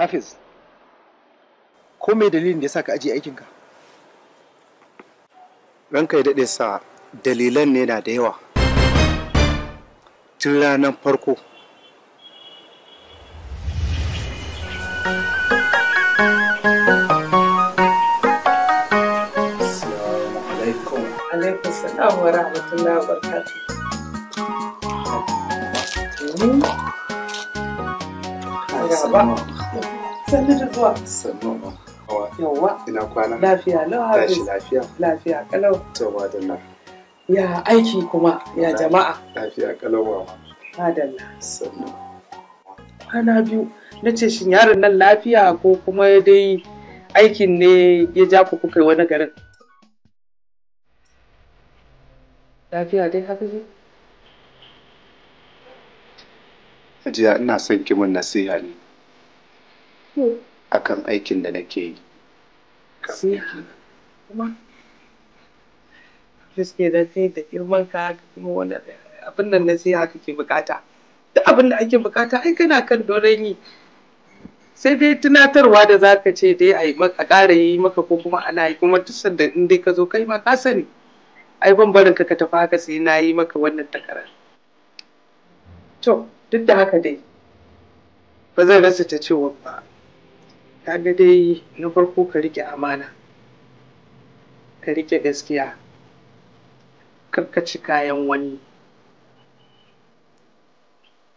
Hafiz, ko mai dalilin da ya sa ka ajiye aikinka? Ranka ya daɗe sa dalilan ne na da yawa. Tun ranar farko. Assalamu wa rahmatullahi wa barakatuh. Sannu da zuwa. Sannu ma. Yawwa. Ina kwana. Lafiya lau Hafiz. Tashi lafiya. Lafiya kalau. To madalla. Ya aiki kuma ya jama'a. Lafiya kalau ma. Madalla. Sannu. Kwana biyu. Na ce shin yaron nan lafiya ko kuma dai aikin ne ya ja ku kuka wani garin? Lafiya dai Hafizu? Hajiya ina son ki kimin nasiha ne. akan aikin da nake yi sai kuma gaske da kai da girman ka kuma wani abin nan na sai haka ke bukata duk abin da ake bukata ai kana kan doron yi sai dai tunatarwa da za ka ce dai a maka ƙara yi maka ko kuma ana yi kuma duk sanda in dai ka zo kai ma ka sani ai ban barin ka ka tafi haka sai na yi maka wannan takarar to duk da haka dai ba zan rasa ta cewa ba kaga dai na farko ka riƙe amana ka riƙe gaskiya ka ci kayan wani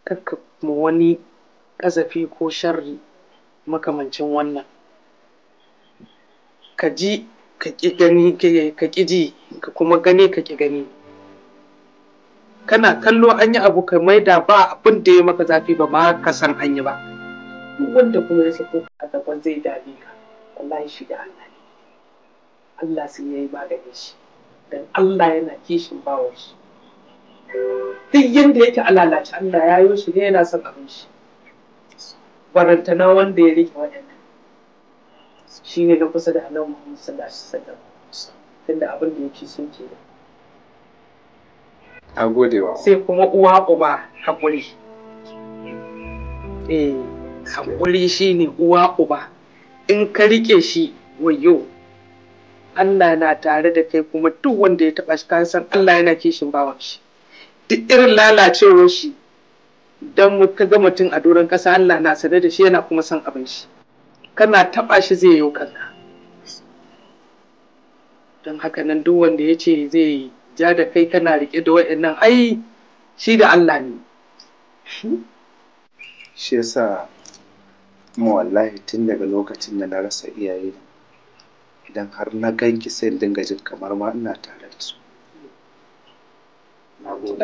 karka kuma wani ƙazafi ko sharri makamancin wannan ka ji ka ƙi gani ka ƙi ji ka kuma gani ka ƙi gani kana kallo anyi yi abu ka maida ba abin da ya maka zafi ba ma ka san an yi ba duk wanda kuma ya sako a gaban zai dame ka wallahi shi da Allah ne Allah sai yayi maganin shi dan Allah yana kishin bawon shi duk yanda yake alalaci Allah ya yi shi ne yana son abin shi barantana wanda ya rike waɗannan shi ne na kusa da annabi Muhammad sallallahu alaihi wasallam tunda abin da yake sun ke da a godewa sai kuma uwa uba hakuri eh haƙuri shi ne uwa uba in ka riƙe shi wayo Allah na tare da kai kuma duk wanda ya taɓa shi kan san Allah yana kishin bawan shi duk irin lalacewar shi don ka ga mutum a doron ƙasa Allah na sade da shi yana kuma son abin shi kana taɓa shi zai yi kanka don haka nan duk wanda ya ce zai ja da kai kana riƙe da wa'annan ai shi da Allah ne shi yasa Kuma wallahi tun daga lokacin da na rasa iyaye idan har na gan ki sai in dinga jin kamar ma ina tare da su. Na gode.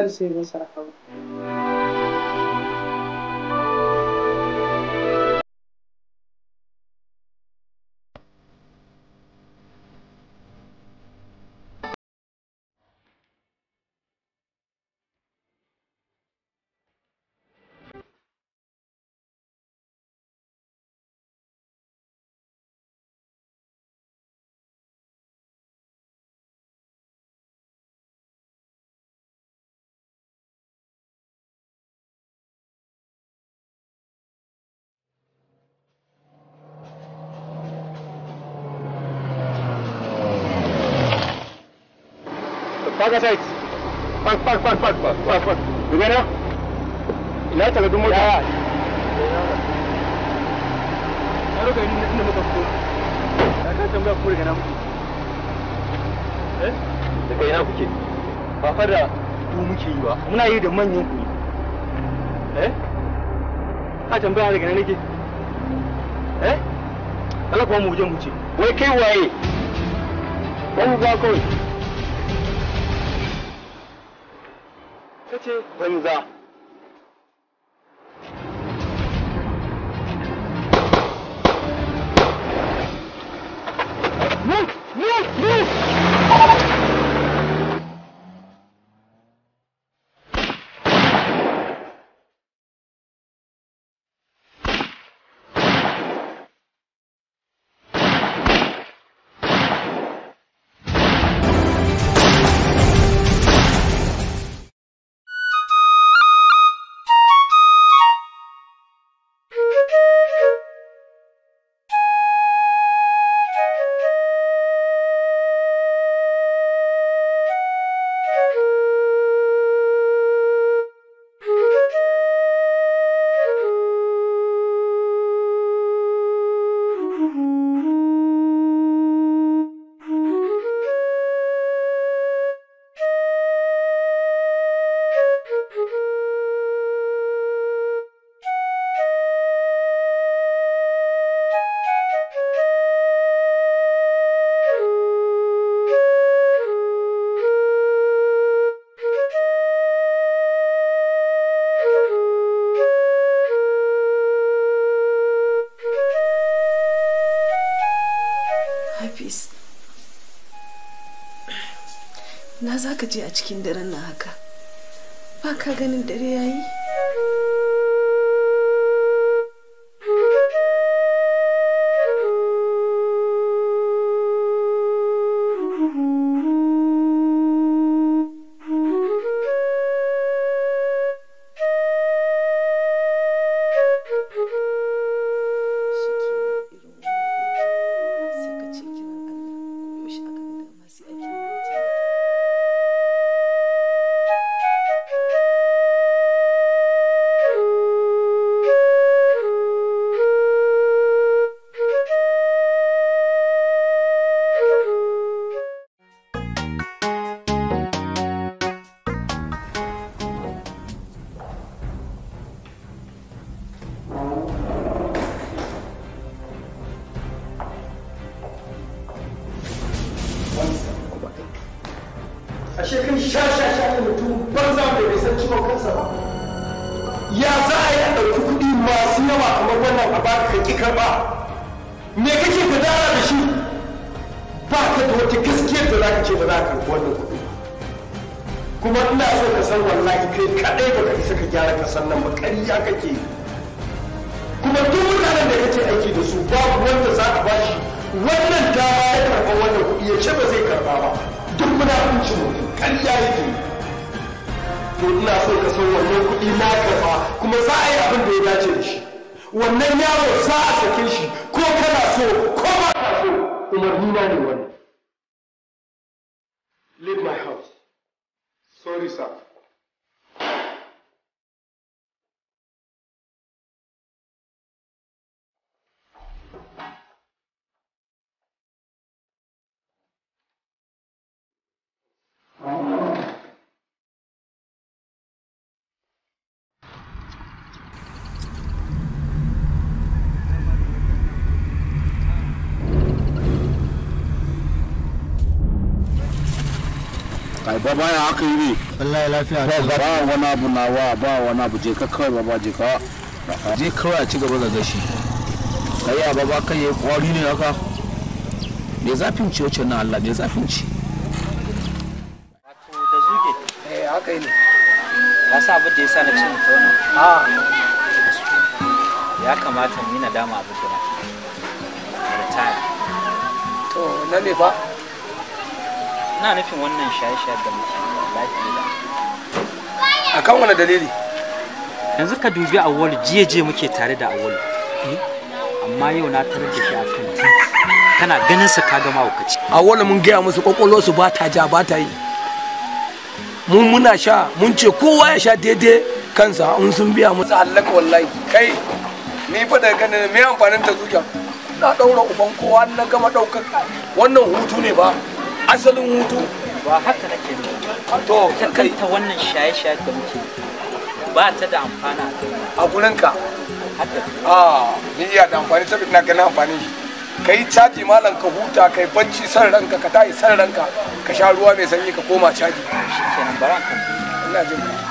ga site park park park park park park duba na ina ta gudun mota ya ya ni inda inda muka fito ya ka tambaya ku daga na muke eh daga ina kuke ba fa da ku muke yi ba muna yi da manyan ku eh ka tambaya daga na nake eh Allah kuma mu je mu ce wai kai waye wani ba kawai Charity brings up za ka je a cikin daren nan haka ba ka ganin dare yayi kashe mutum ƙarya yake to ina so ka san wannan kuɗi na karɓa kuma za a yi abin da ya dace da shi wannan yaro za a sake shi ko kana so ko ba ka so umarni na ne wannan leave my house sorry sir baba ya haka yi ne Allah ya lafiya ba ba wani abu nawa ba wani abu je ka kawai baba je ka je kawai a ci gaba da gashi kai a baba kai yayi kwari ne haka me zafin ci wacce na Allah me zafin ci wato da zuge eh haka ne ka sa abu da yasa na cin ta wannan a ah. ah. ya kamata mu yi nadama abin da na to na ne ba na nufin wannan shaye-shaye da lafiya akan wani dalili yanzu ka dubi awol jiya je muke tare da awol eh? amma yau na tare da shi a kan kana ganin sa ka gama wakaci awol mun gaya musu kwakwalwar su ba ta ja ba ta yi mun muna sha mun ce kowa ya sha daidai kansa in sun biya musu hallaka wallahi kai ni fa daga ganin me amfanin ta zuciya na daura uban kowa na gama daukar wannan hutu ne ba asalin hutu ba haka nake ne to ta kanta wannan shaye-shaye da muke ba ta da amfana a gurin ka haka a ni iya da amfani saboda na ganin amfani kai caji malam ka huta kai bacci san ranka ka tayi san ranka ka sha ruwa mai sanyi ka koma caji shikenan baran kan ya jin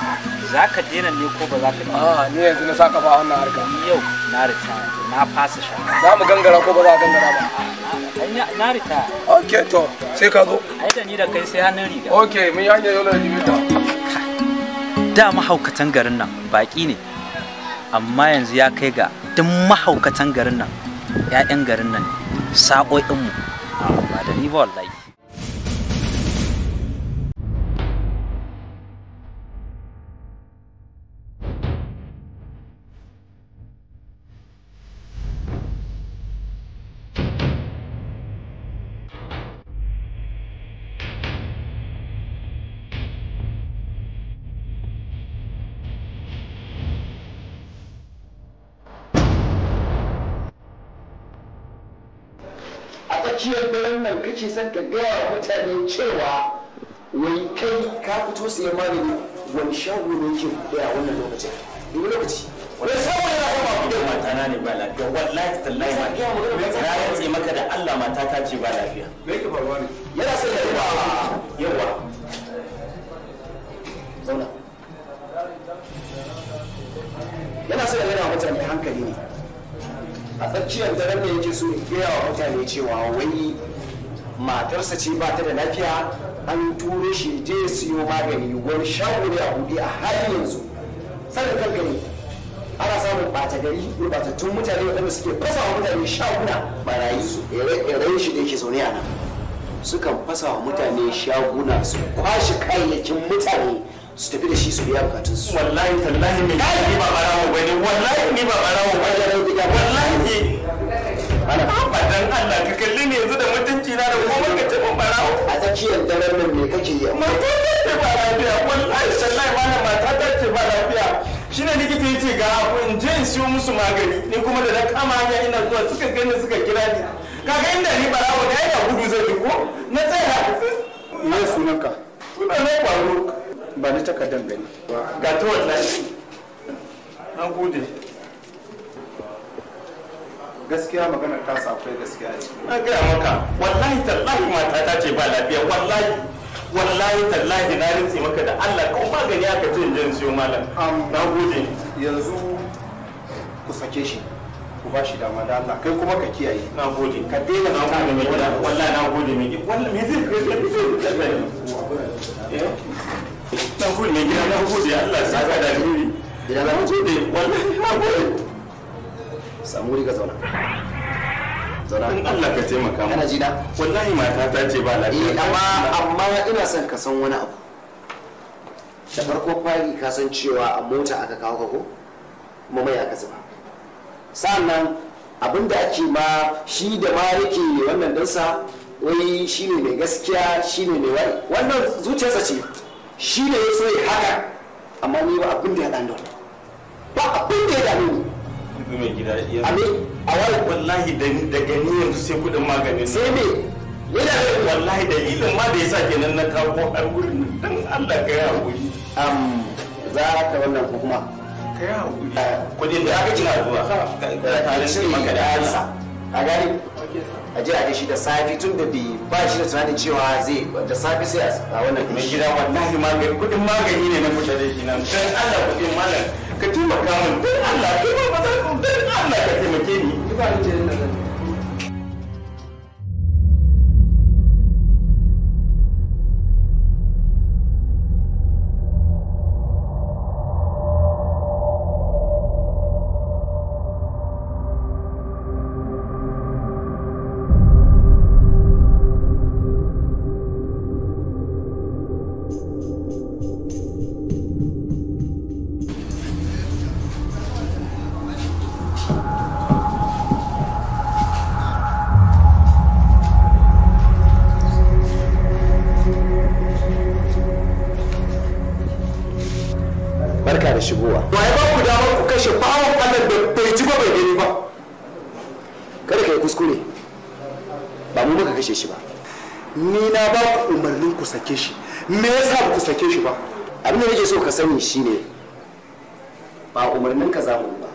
za ka daina ne ko ba za ka daina a ah, ni yanzu na saka ba wannan harka yau na rita na fasa sha za mu gangara ko ba za ka gangara ba na rita ok to sai ka zo ai da ni da kai sai hannun riga ok mun yi hanyar yau da jimita da mahaukatan garin nan baki ne amma yanzu ya kai ga duk mahaukatan garin nan 'ya'yan garin nan ne sa'o'inmu ah, ba da ni ba wallahi nake son ka gaya wa mutane cewa wai kai ka fito siyan magani wani shago ne wannan lokacin wani shago da ta ce me yake faruwa ya a tsakiyar daren da yake so ya gaya wa mutane cewa wai matarsa ce ba ta da lafiya an turo shi je siyo magani wani shaguri a buɗe a har yanzu sannan kan gari ana samun ɓata gari tun mutane waɗanda suke fasa wa mutane shaguna barayi su irin shi da yake zaune a nan sukan fasa wa mutane shaguna su kwashe kayayyakin mutane su tafi da shi su biya bukatun su wallahi tallahi ne ni ba barawo bane wallahi ni ba barawo bane wallahi ana ba dan Allah ka kalli ne yanzu da mutane gida da kuma ka tafi barawo a tsakiyar daren nan me kake yi mata ta ce ba lafiya kun aisha lai mana mata ta ce ba lafiya shine likita ya ga abu in je in siyo musu magani ni kuma da na kama hanya ina zuwa suka gani suka kira ni kaga inda ni barawo da yana gudu zai bi ko na tsaya me sunanka sunana kwaro ba ni takardar gani ga ta wallahi na gode gaskiya magana ta akwai gaskiya ce na gaya maka wallahi tallahi mata ta ce ba lafiya wallahi wallahi tallahi na rinse maka da Allah ko magani aka ce in yau malam na gode yanzu ku sake shi ku ba shi dama da Allah kai kuma ka kiyaye na gode ka daina na gode mai gida wallahi na gode mai gida wallahi me zai kai zai zai eh? na gode mai gida na gode Allah ya saka da ya na gode wallahi na gode samu wuri ka zauna zauna in Allah ka taimaka mu kana ji na wallahi mata ta ce ba lafiya eh amma amma ina son ka san wani abu da farko fari ka san cewa a mota aka kawo ka ko kuma mai aka zuba sannan abin da ake ma shi da ma yake wannan dansa wai shi ne mai gaskiya shi ne mai wari wannan zuciyarsa ce shi ne ya so ya haka amma ni ba abin da ya dan ba abin da ya dan ne. mai gida a wai wallahi da gani yanzu sai kudin maganin sai me yana da wallahi dalilin ma da yasa kenan na kawo har wurin dan Allah ka yi hakuri am za ka wannan ko ka yi hakuri eh, kudin da aka zuwa ka da shi maka da a gari a je a gashi da safi tun da ba shi da tunanin cewa zai da safi sai a wannan gida wallahi magani kudin magani ne na fita da shi nan dan Allah kudin malam ka taimaka min duk Allah kai ba ba za ka Allah ka taimake ni ba ni ce na kuskure ba mu baka kashe shi ba ni na ba ku umarnin ku sake shi me yasa ba ku sake shi ba abin da nake so ka sani shine ba umarnin ka za mu ba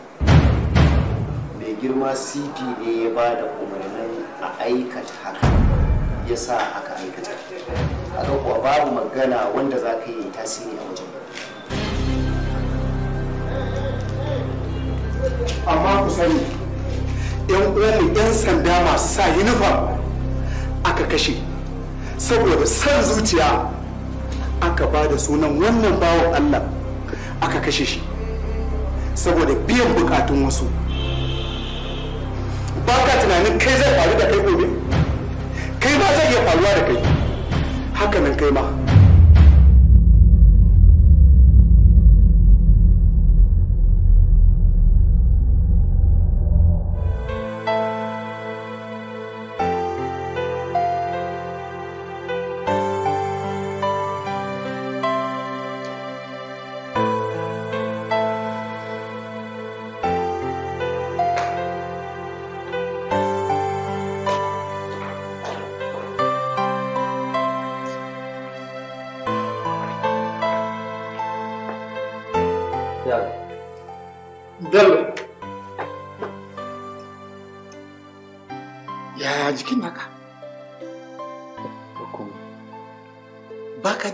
mai girma cp ne ya ba da umarnin a aikata haka ya sa aka aikata haka kuwa babu magana wanda za ka yi tasiri a wajen amma ku sani yan uwanmu yan sanda masu sa yunifam aka kashe saboda san zuciya aka ba da sunan wannan bawan allah aka kashe shi saboda biyan bukatun wasu ba ka tunanin kai zai faru da kai gobe kai ma zai iya faruwa da kai hakanan kai ma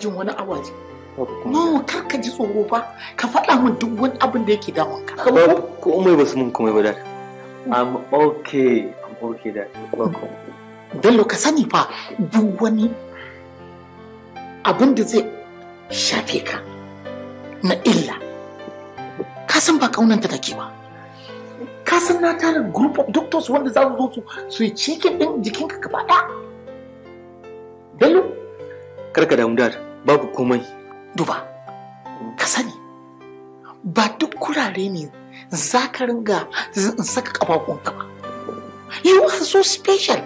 jin wani ji. no kar ka ji tsoro ba ka faɗa min duk wani abin da yake damun ka ko umai ba su mun kuma ba da i'm okay i'm okay da Bello ka sani fa duk wani abin da zai shafe ka na illa ka san ba kaunanta take ba ka san na tara group of doctors wanda za su zo su su yi cikin ɗin jikinka gaba ɗaya Bello karka damu dad babu komai duba ka sani ba duk kurare ne za ka ringa saka kafafun ka ba you are so special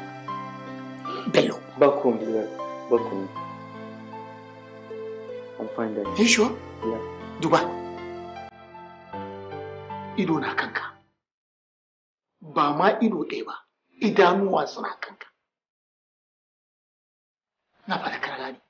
bello ba komai ba komai I'm fine then. You sure? Yeah. Duba. Ido na kanka. Ba ma ido ɗaya ba, idanuwa suna kanka. Na fata ka gane.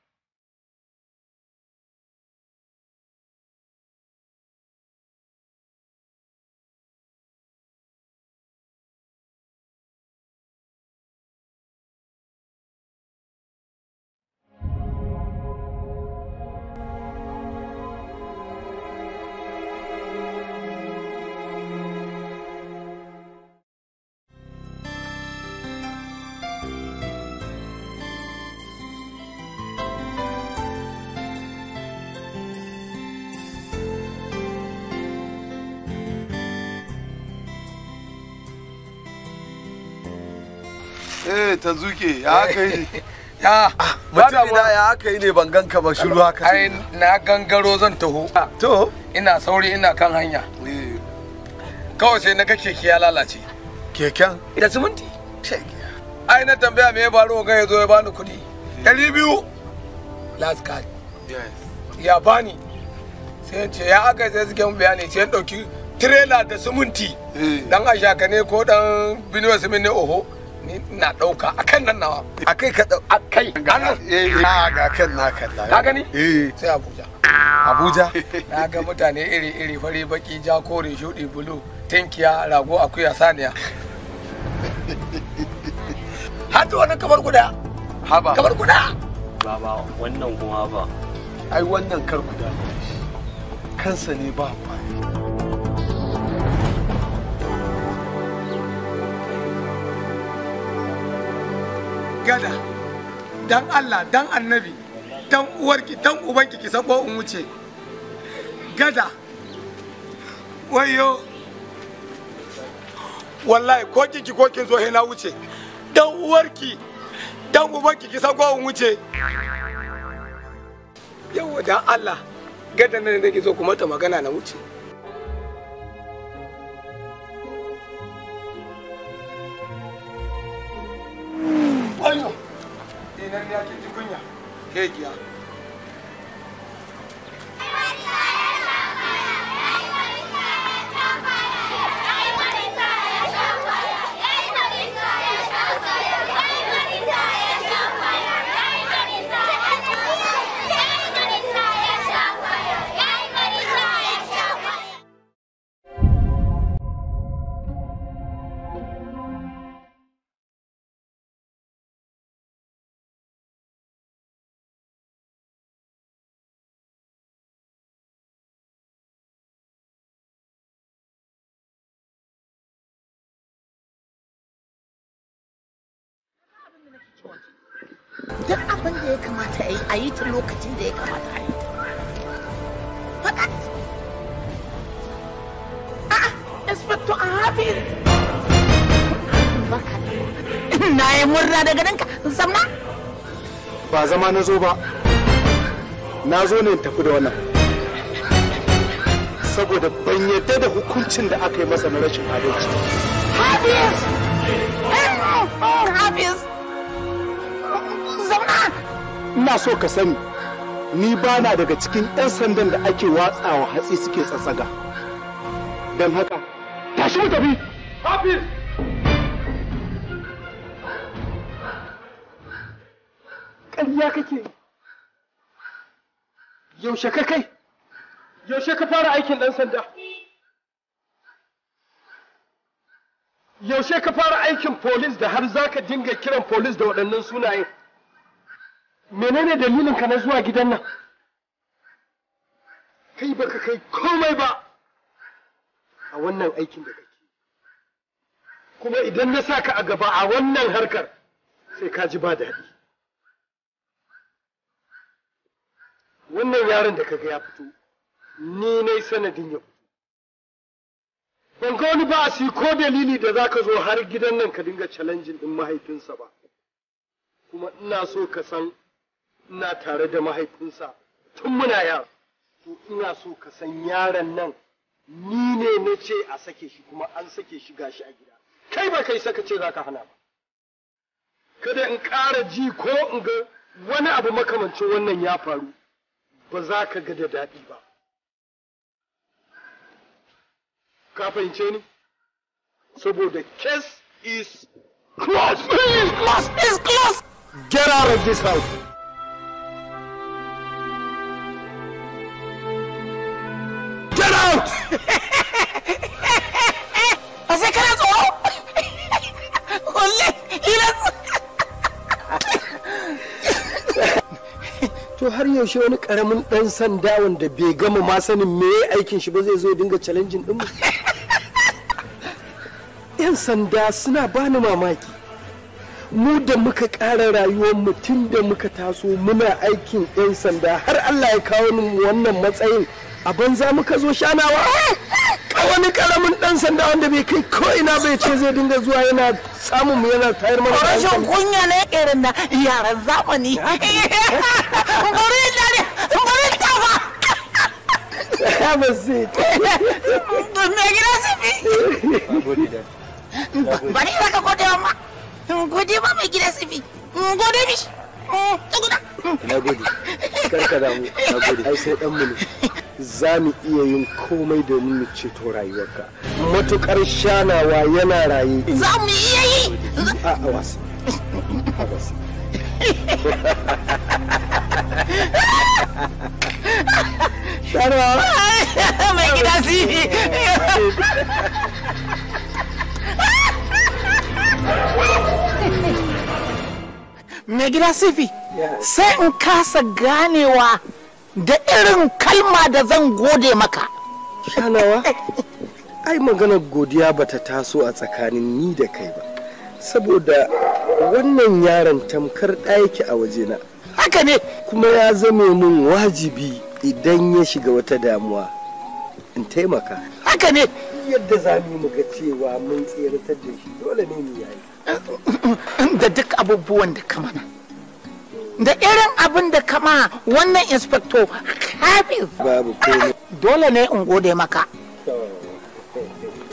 ta zuke ya aka yi ah, ya mutum da ya aka yi ne ban ganka ba shiru haka ai na gangaro zan taho ah, to ina sauri ina kan hanya eh. kawai sai na ga keke ya lalace keken da siminti ai na tambaya me ya faru ga ya zo ya bani kuɗi dari eh. biyu last card ya bani sai ce ya aka sai suke mun bayani sai ya ɗauki trailer da sumunti. Eh. dan ashaka ne ko dan binuwa ne oho ni na a kan nan nawa akai ka dau akai anan eh na ga kan na kalla ka gani eh sai Abuja Abuja na ga mutane iri iri fari baki ja kore shudi bulu tinkiya rago akuya saniya har da wani kamar guda haba kamar guda baba wannan kuma ba ai wannan kar guda kansa ne ba amfani gada dan Allah dan annabi dan uwarki dan ubanki ki sako in wuce gada wayo wallahi ko kiki ko kin zo na wuce dan uwarki dan ubanki ki sako in wuce yawa dan Allah gada nan da zo kuma ta magana na wuce Kwayo. Dinan eh, ya ke ji kunya. Hegiya. duk abin da ya kamata a yi a yi ta lokacin da ya kamata a yi fakat a'a inspector a hafi baka na yi murna daga nan ka zama ba zama na zo ba na zo ne tafi da wannan saboda ban yadda da hukuncin da aka yi masa na rashin adalci. Habiyar! ina so ka sani ni ba na daga cikin 'yan sandan da ake watsawa hatsi suke tsatsaga don haka tashi mu tafi hafiz ƙarya kake yaushe ka kai yaushe ka fara aikin ɗan sanda yaushe ka fara aikin polis da har za ka dinga kiran polis da waɗannan sunayen menene dalilin ka na zuwa gidan nan kai baka kai komai ba a wannan aikin da kake kuma idan na saka a gaba a wannan harkar sai ka ji ba daɗi wannan yaron da kaga ya fito ni ne sanadin yau. ban ga wani ba ko dalili da za ka zo har gidan nan ka dinga challenging din mahaifinsa ba kuma ina so ka san ina tare da mahaifinsa tun muna yara to ina so ka san yaron nan ni ne na ce a sake shi kuma an sake shi gashi a gida kai ba kai saka ce za ka hana ba kada in ƙara ji ko in ga wani abu makamancin wannan ya faru ba za ka ga da daɗi ba ka fahimce ni saboda case is closed. Please, close, please, close. Get out of this house. to har yaushe wani karamin dan sanda wanda bai gama ma sanin me aikin shi ba zai zo dinga challenging din mu yan sanda suna bani mamaki mu da muka ƙara rayuwar mutum da muka taso muna aikin 'yan sanda har Allah ya kawo wannan matsayin a banza muka zo shanawa wani karamin dan sanda wanda bai kai ko ina bai ce zai dinga zuwa yana samun mu yana tayar mana rashin kunya ne irin na yaran zamani gurin da ne ka damu na gode ai sai dan mu za mu iya yin komai domin mu ceto rayuwarka matukar shanawa yana raye za mu iya yi a mai gida si mai sifi sai in kasa ganewa da irin kalma da zan gode maka shanawa ai maganar godiya bata taso a tsakanin ni da kai ba saboda wannan yaron tamkar ɗaki a wajena haka ne kuma ya zame min wajibi idan ya shiga wata damuwa in taimaka haka ne yadda za mu ga cewa mun tseratar da shi dole ne mu yayi da duk abubuwan da kamana da irin abin da kama wannan inspector hafiz dole ne in gode maka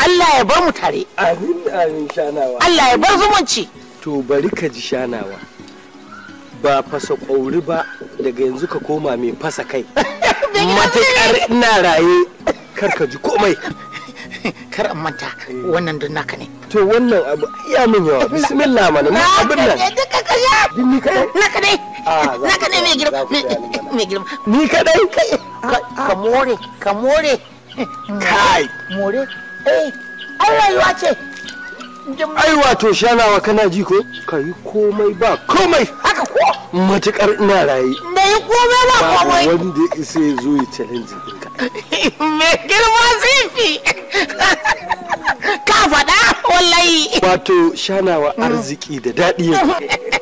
Allah ya bar mu tare Allah ya bar zumunci to bari ka ji shanawa ba fasa ƙauri ba daga yanzu ka koma mai fasa kai matakar ina raye kar ka ji komai kar an manta wannan don naka ne to wannan abu ya min yawa bismillah mana abin nan duka kaza naka ne za ka ne mai girma mai ni kadai ka more ka more kai more eh ai rayuwa ce ai wato shanawa kana ji ko ka yi komai ba komai haka ko matukar ina raye da yi komai ba komai wanda ya sai zo ya challenge ɗinka me girma zifi ka faɗa wallahi wato shanawa arziki da daɗi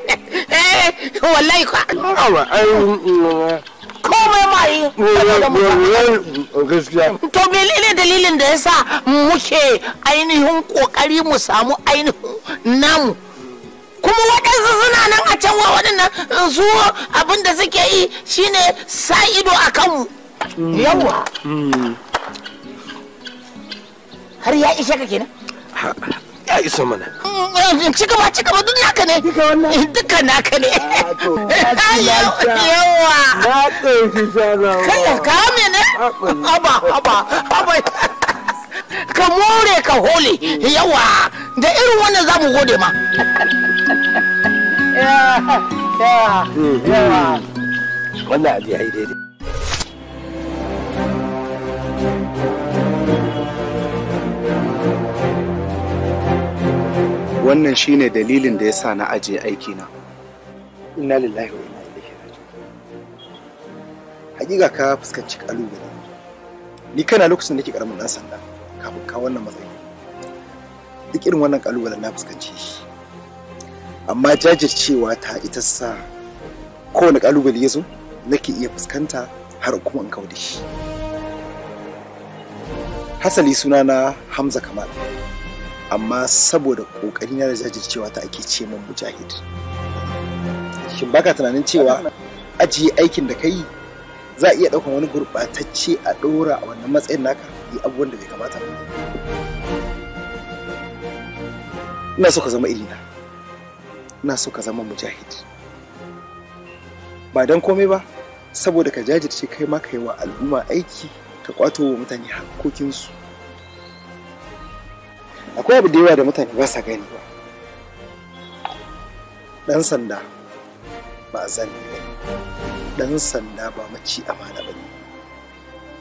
wallahi ka mm, komai ma yi mm, mm, to menene dalilin da yasa muke ainihin kokari mu samu ainihin namu kuma waɗansu suna nan a can waɗannan eh, su abin da suke yi shine sa ido a kanmu yawa har ya ishe ka kenan ya iso mana mm, mm, ci gaba ci gaba duk naka ne duka naka ne ah, yawa na ɗauki sharawa kalla ka mene Aba aba aba. ka more ka hole yawa da irin wannan za mu gode ma wannan abu ya yi daidai thank you wannan shine dalilin da ya sa na aje aikina inna lillahi wa inna ilaihi raji'un hakika ka fuskanci kalubale ni kana lokacin da ke karamin dan sanda kafin ka wannan matsayi duk irin wannan kalubale na fuskanci shi amma jajircewa ta ita sa kowane kalubale ya zo nake iya fuskanta har kuma in da shi hasali sunana hamza kamal amma saboda ƙoƙari na da jajircewa ta ake ce min mujahid shin baka tunanin cewa ajiye aikin da ka yi za a iya ɗaukar wani gurɓatacce a ɗora a wannan matsayin naka yi abubuwan da bai kamata ina so ka zama irina ina so ka zama mujahid ba don komai ba saboda ka jajirce kai ma ka yi al'umma aiki ka kwato wa mutane hakokinsu akwai abu da yawa da mutane ba sa gani ba ɗan sanda ba zan ba ɗan sanda ba maci amana ba ne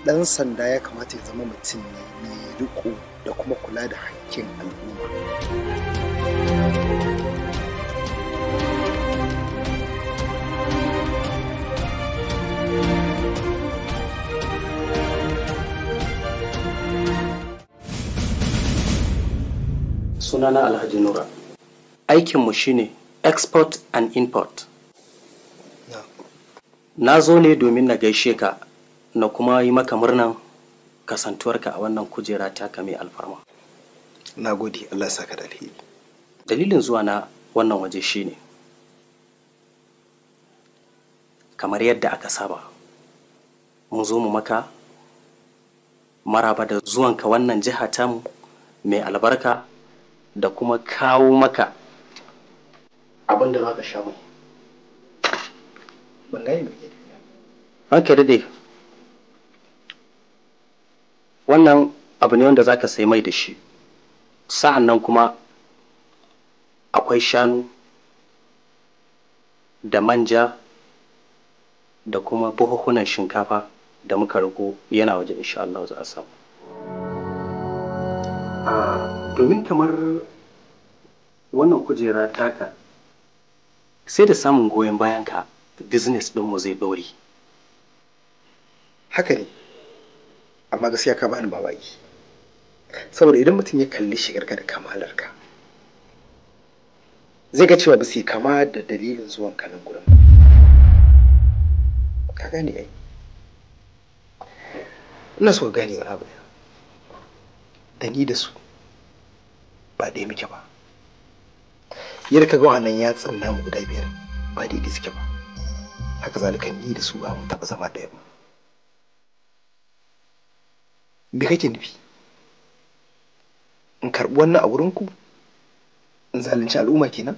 ɗan sanda ya kamata ya zama mutum ne mai riko da kuma kula da hakkin al'umma sunana alhaji nura aikinmu shine export and import na zo ne domin na gaishe ka na kuma yi maka murnan kasantuwarka a wannan kujera taka mai alfarma na gode allah saka da dalilin zuwa na wannan waje shine kamar yadda aka saba mun zo mu maka maraba da zuwanka wannan jiha tamu mai albarka da kuma kawo maka abin da za ka sha mai ke da dai wannan abu ne wanda za ka sai mai da shi sa'an nan kuma akwai shanu da manja da kuma buhuhunan shinkafa da muka rago yana waje insha Allah za a samu. Ah. domin kamar wannan kujera taka sai da samun goyon bayan ka business mu zai ɗore. haka ne amma gaskiya ka bani babaki saboda idan mutum ya kalli shigarka da kamalarka zai ga cewa ba su kama da dalilin zuwan kanan gurin ka gane ai ina so gane abu da ni da su ba ɗaya muke ba yadda ka ga wannan yatsun mu guda biyar ba daidai suke ba haka zalika ni da su ba mu taɓa zama ɗaya ba me kake nufi in karɓi wannan a ku, in zalunci al'umma kenan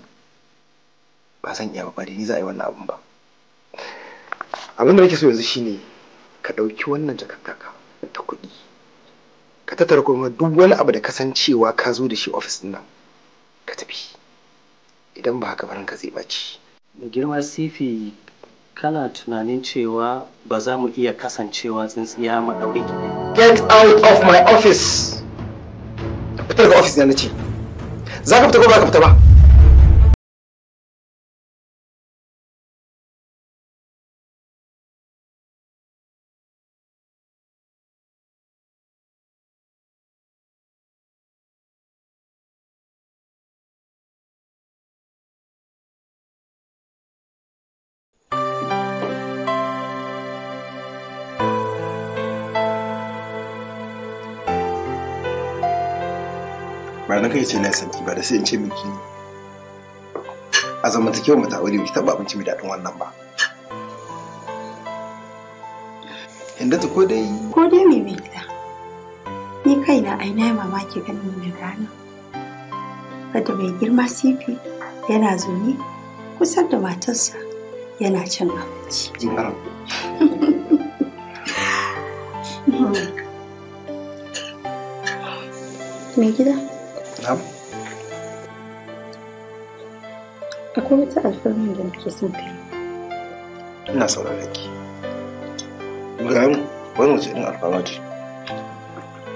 ba zan iya ba ni za a yi wannan abun ba abin da nake so yanzu shine ka ɗauki wannan jakar ta kuɗi ka tattara kuma duk wani abu da kasancewa ka zo da shi ofis din nan ka tafi idan ba haka barin ka zai baci Da girma sifi kana tunanin cewa ba za mu iya kasancewa tsintsiya maɗauri get out of my office fitar ga ofis na ce za ka fita ko ba ka fita ba na kai ce na santi ba da sai in ce miki a zamantakewa mu ta aure miki taba abinci mai daɗin wannan ba inda ta ko dai ko dai mai mai gida ni kaina ai na mamaki ganin mai rana wadda mai girma sifi yana zaune kusa da matarsa yana cin abinci mai gida Akwai wata alfarmar da muke son kai. Ina sauraron ki. Ibrahim, wani wace irin alfarma ce?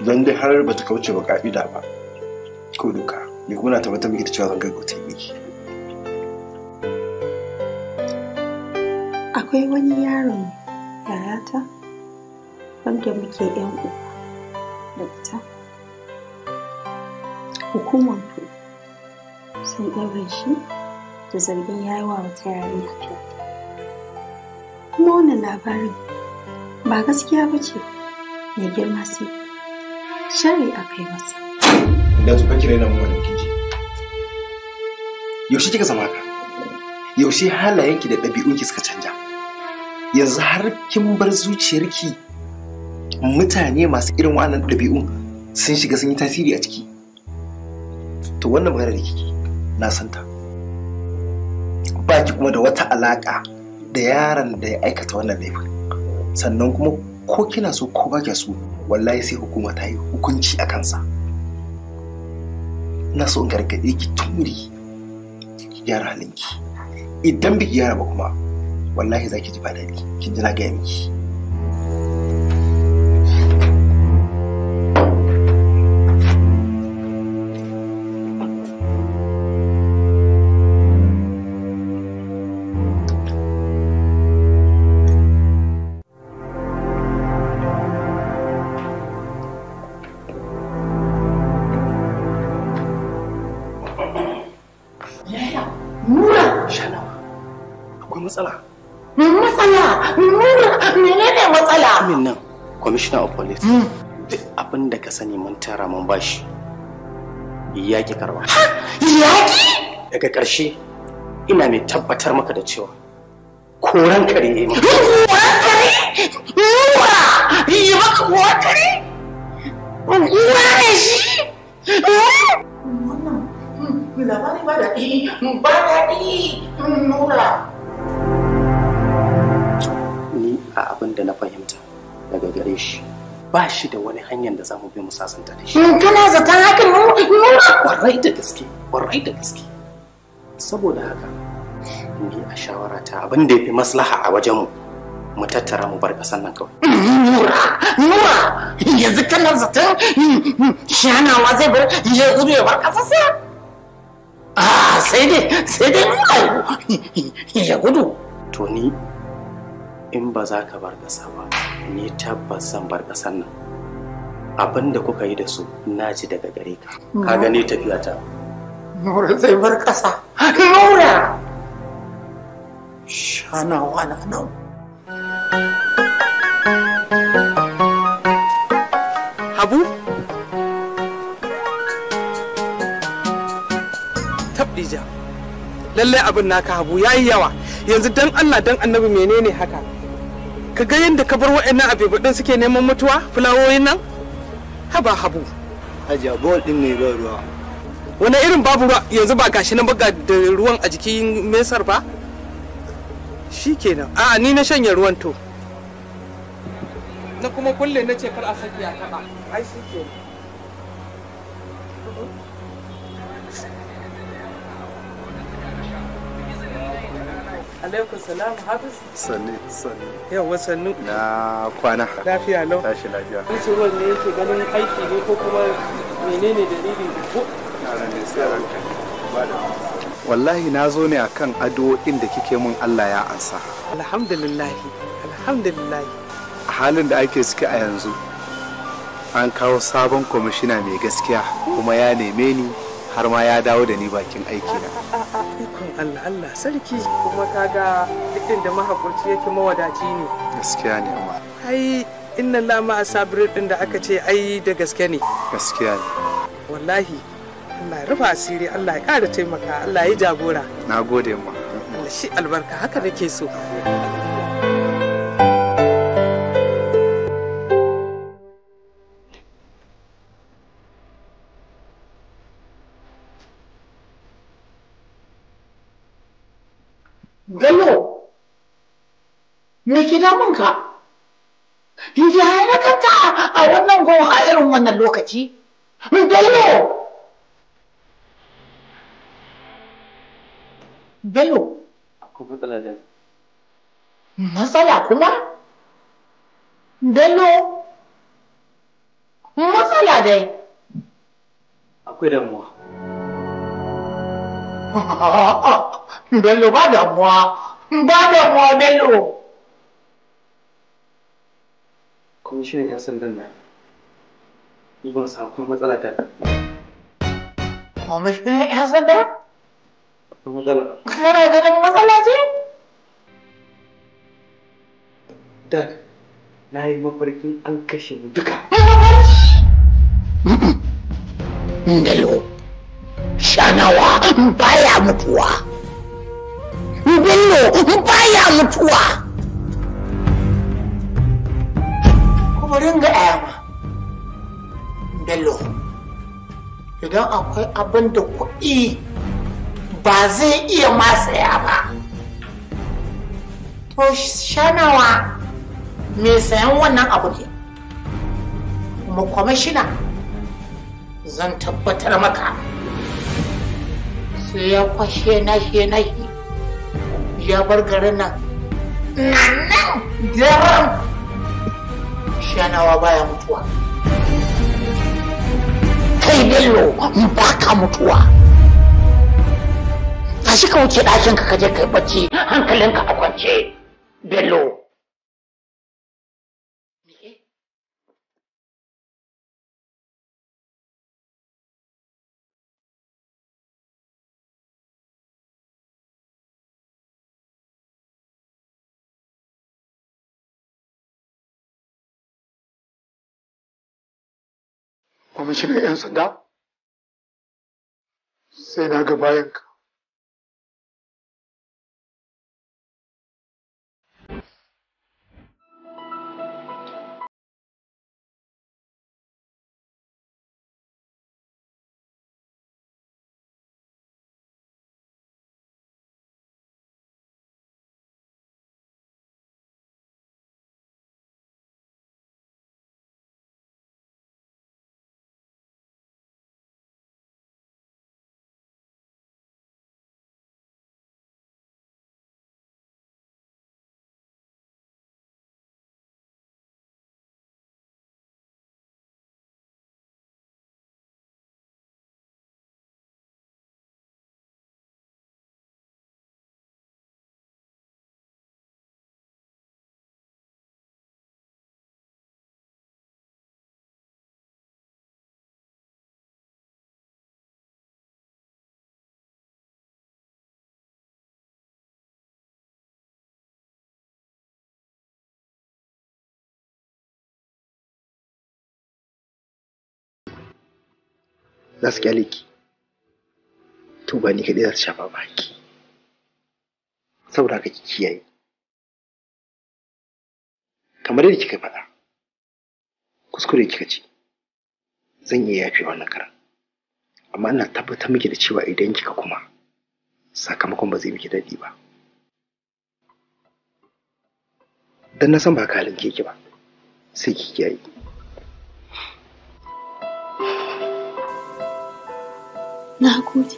Don dai har ba ta kauce ba ka'ida ba. Ko doka, ni kuma na tabbatar miki da cewa zan gaggauta miki. Akwai wani yaron yayata wanda muke 'yan uba da ita. hukumar ku sun ɗaure shi da zargin yi wa wata yarinya kuma wannan labarin ba gaskiya ba ce mai girma sai shari a kai masa ina zuwa kira yana mawa kinji yaushe kika zama ka yaushe halayenki da ɗabi'unki suka canja yanzu har kin bar zuciyarki mutane masu irin wannan ɗabi'un sun shiga sun yi tasiri a ciki to wannan magana da kike na santa ba ki kuma da wata alaka da yaron da ya aikata wannan laifin sannan kuma ko kina so ko ba so wallahi sai hukuma ta yi hukunci a kansa na so in gargaɗe ki tumuri ki gyara halinki idan biki gyara ba kuma wallahi za ki ji ba daɗi kin ji na gaya miki ya ki karba daga ƙarshe ina mai tabbatar maka da cewa koran kare ne yi maka koran kare ruwa yi maka koran kare ruwa ne shi hmm, labari ba daɗi hmm, ba daɗi hmm, nura ni a abin da na fahimta daga gare shi ba shi da wani hanyar da za mu bi mu sasanta da shi. Kana zaton hakan mu Kwarai da gaske, kwarai da gaske. Saboda haka, ni a shawara ta abin da ya fi maslaha a wajen mu. Mu tattara mu bar kasan nan kawai. Nura, Nura, yanzu kana zaton hmm, hmm, shanawa zai bar ya ya bar kasasa? Ah, sai dai, sai dai nura ya gudu. To ni in ba za ka bar kasa ba. ni tabbas san bar ƙasar nan abin da kuka yi da su na ji daga gare ka ka gane tafiya ta nura zai bar ƙasa nura shanawa na nan habu tabdija lallai abin naka habu yayi yawa yanzu dan allah dan annabi menene haka ka ga yadda ka bar waɗannan abebaɗin suke neman mutuwa fulawoyin nan haba habu a jabuwar din ne ba ruwa wani irin babu ruwa yanzu ba gashi nan baga da ruwan a jikin mesar ba shi kenan a ni na shanye ruwan to na kuma kulle na ce kar a saki a taɓa ai shi kenan alaikum salam habis sanni sanni yawa sannu na kwana lafiya lau tashi lafiya wuce ne yake ganin aiki ne ko kuma menene dalili ko ne sai ranka ba da wallahi na zo ne akan addu'o'in da kike mun Allah ya ansa alhamdulillahi alhamdulillahi a halin da ake ciki a yanzu an kawo sabon kwamishina mai gaskiya kuma ya neme ni har ma ya dawo da ni bakin aiki na ah, ah, ah, Allah Allah sarki kuma kaga duk inda mahaƙurci yake mawadaci ne gaskiya ne amma ai inna lama asabirin din da aka ce ai da gaske ne gaskiya ne wallahi Allah ya rufa asiri Allah ya ƙara taimaka Allah ya jagora na gode Allah shi albarka haka nake so me ke damun ka ni dai hai na kanta a wannan gon a irin wannan lokaci bello bello matsala kuma bello matsala dai akwai damuwa bello ba damuwa ba damuwa bello ne 'yan sandan nan ni ban samu kuma matsala ta ne 'yan sanda matsala kana ganin matsala ce da na yi mafarkin an kashe mu duka Ndalo, shanawa baya mutuwa, Bello baya mutuwa. ringa ga ayama bello idan akwai abin da kuɗi ba zai iya matsaya ba to shanawa mai sayan wannan abu ne kuma kwamishina zan tabbatar maka sai ya kwashe na shi ya bar garin nan nan daren kishiya nawa baya mutuwa kai bello ba ka mutuwa tashi ka wuce ɗakinka ka je kai bacci hankalinka a kwance bello shiga 'yan sanda sai na ga bayanka za su kyale ki to ba ni kaɗai za su shafa baki saboda haka ki kiyaye kamar yadda kika faɗa kuskure kika ce zan iya yafe wannan karan amma ina tabbatar miki da cewa idan kika kuma sakamakon ba zai miki daɗi ba dan na san ba kalin keke ba sai ki kiyaye 那估计。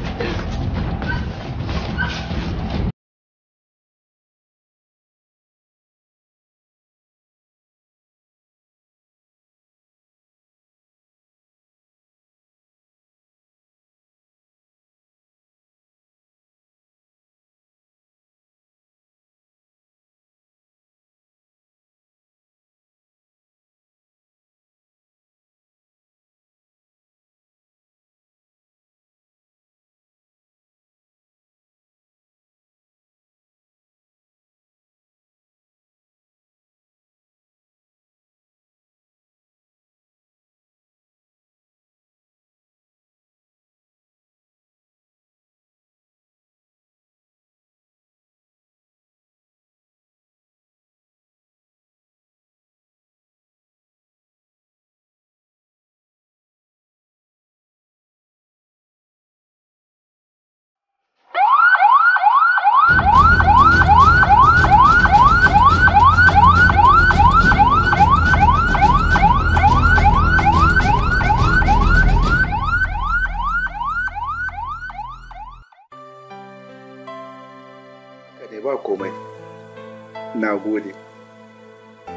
na gode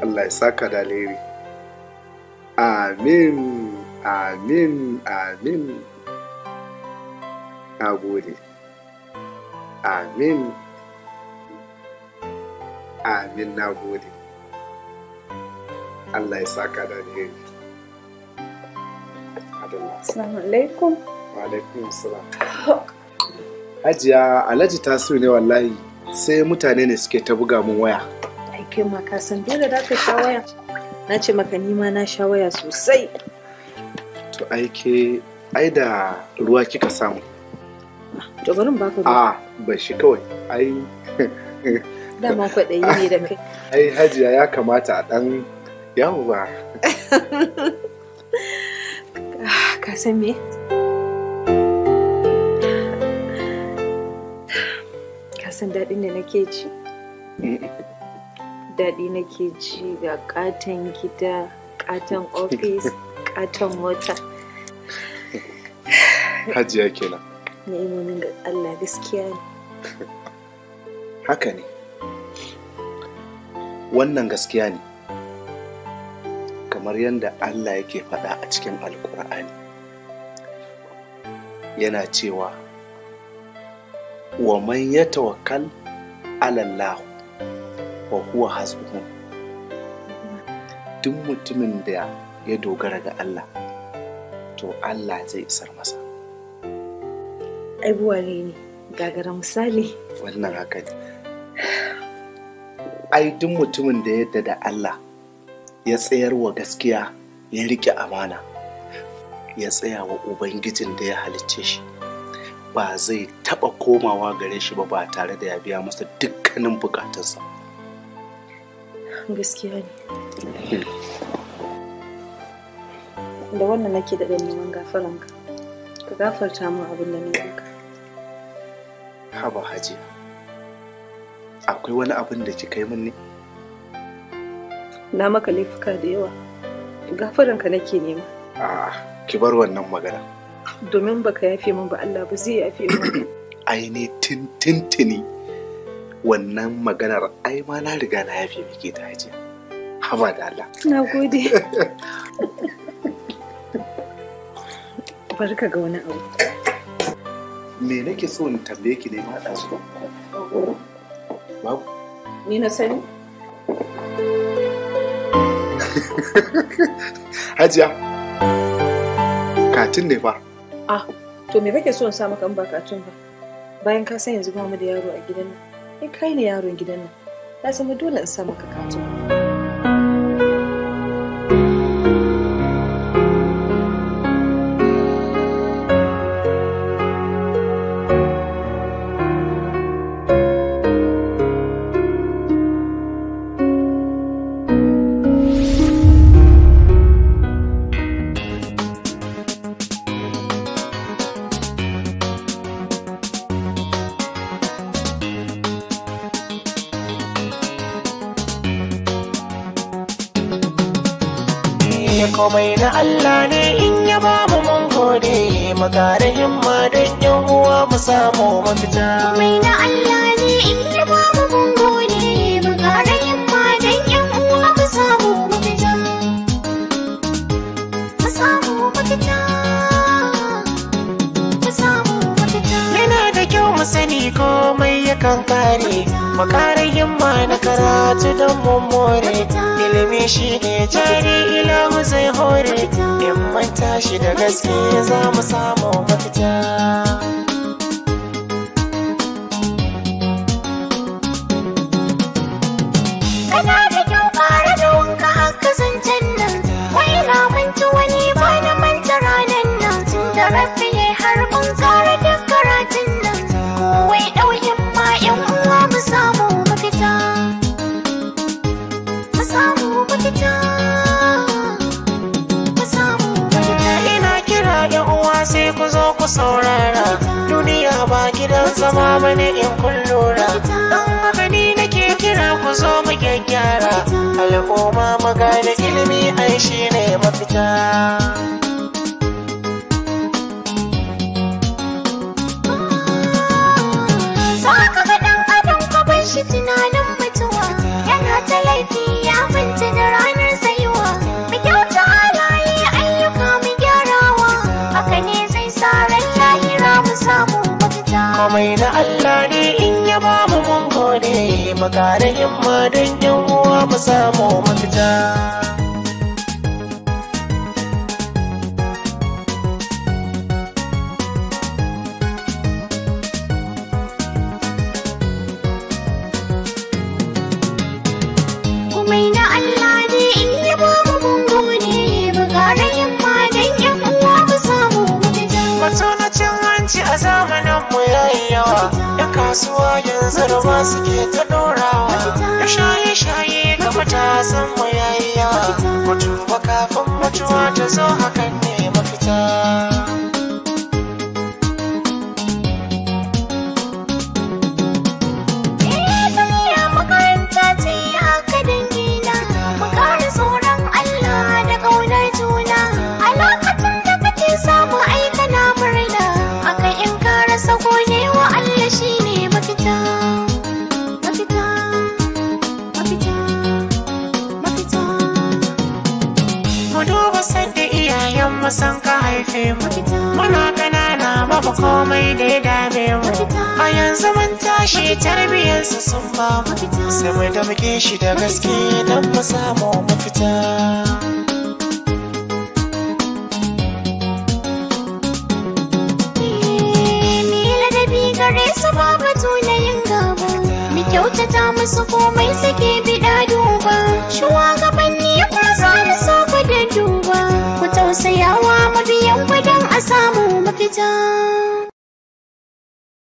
allah ya saka da alheri amin amin amin na gode amin amin na gode allah ya saka da alheri Assalamu alaikum. Wa alaikum salam. Hajiya Alhaji Tasiru ne wallahi sai mutane ne suke ta buga mun waya. kai ma ka san dole da ka shawaya na ce maka ni ma na sha waya sosai to ai ke ai da ruwa kika samu to bari in baka ah, a ba shi kawai ai da kwaɗayi ne da kai ai hajiya ya kamata a ɗan yawwa ah, ka san me ka san daɗin da nake ji daɗi nake ji ga katon gida katon ofis katon mota hajiya kenan na imanin ga allah gaskiya ne haka ne wannan gaskiya ne kamar yadda allah yake faɗa a cikin alkur'ani yana cewa wa man ya tawakkal alallahu wa huwa duk mutumin da ya dogara ga Allah to Allah zai isar masa aibuwa ne ne, gagara misali wannan haka ne ai duk mutumin da yadda da Allah ya tsayar wa gaskiya ya riƙe amana ya tsaya wa ubangijin da ya halicce shi ba zai taɓa komawa gare shi ba ba tare da ya biya masa dukkanin bukatunsa. gaskiya ne da wannan nake da neman gafaranka ka gafarta min abin da nake ka haba haji akwai wani abin da kika yi min ne na maka laifuka da yawa gafaranka nake nema a ah, ki bar wannan magana domin baka yafe min ba Allah ba zai yafe min ai ne tintintini wannan maganar ai ma na riga na yafe muke ta hajiya haba da Allah na gode barka ga wani abu me nake so in tambaye ki ne ma da su babu ni na sani hajiya katin ne ba ah to me kake so in sa maka in ba katun ba bayan ka san yanzu ba mu da yaro a gidan nan kai kai ne yaron gidan nan ya zama dole in sa maka katin taimaka da himma don yan uwa mu samu mafita. Mai na Allah ne in ya ba mu mun ne mu sani komai yakan kare makarar himma na karatu don mummore ilimi shi ne jari ilahu zai hore in manta shi da gaske za mu samu mafita duniya ba gidan zama ba ne in kun lura dan magani nake kira ku zo mu gyaggyara al'umma magana ilimi ai ne mafita mai na Allah ne in ya ba mu mun gode mu kare himma don yan uwa mu samu mafita suke ta dorawa na shaye-shaye ga matasan mu yayi yawa mutu ba kafin mutuwa ta zo haka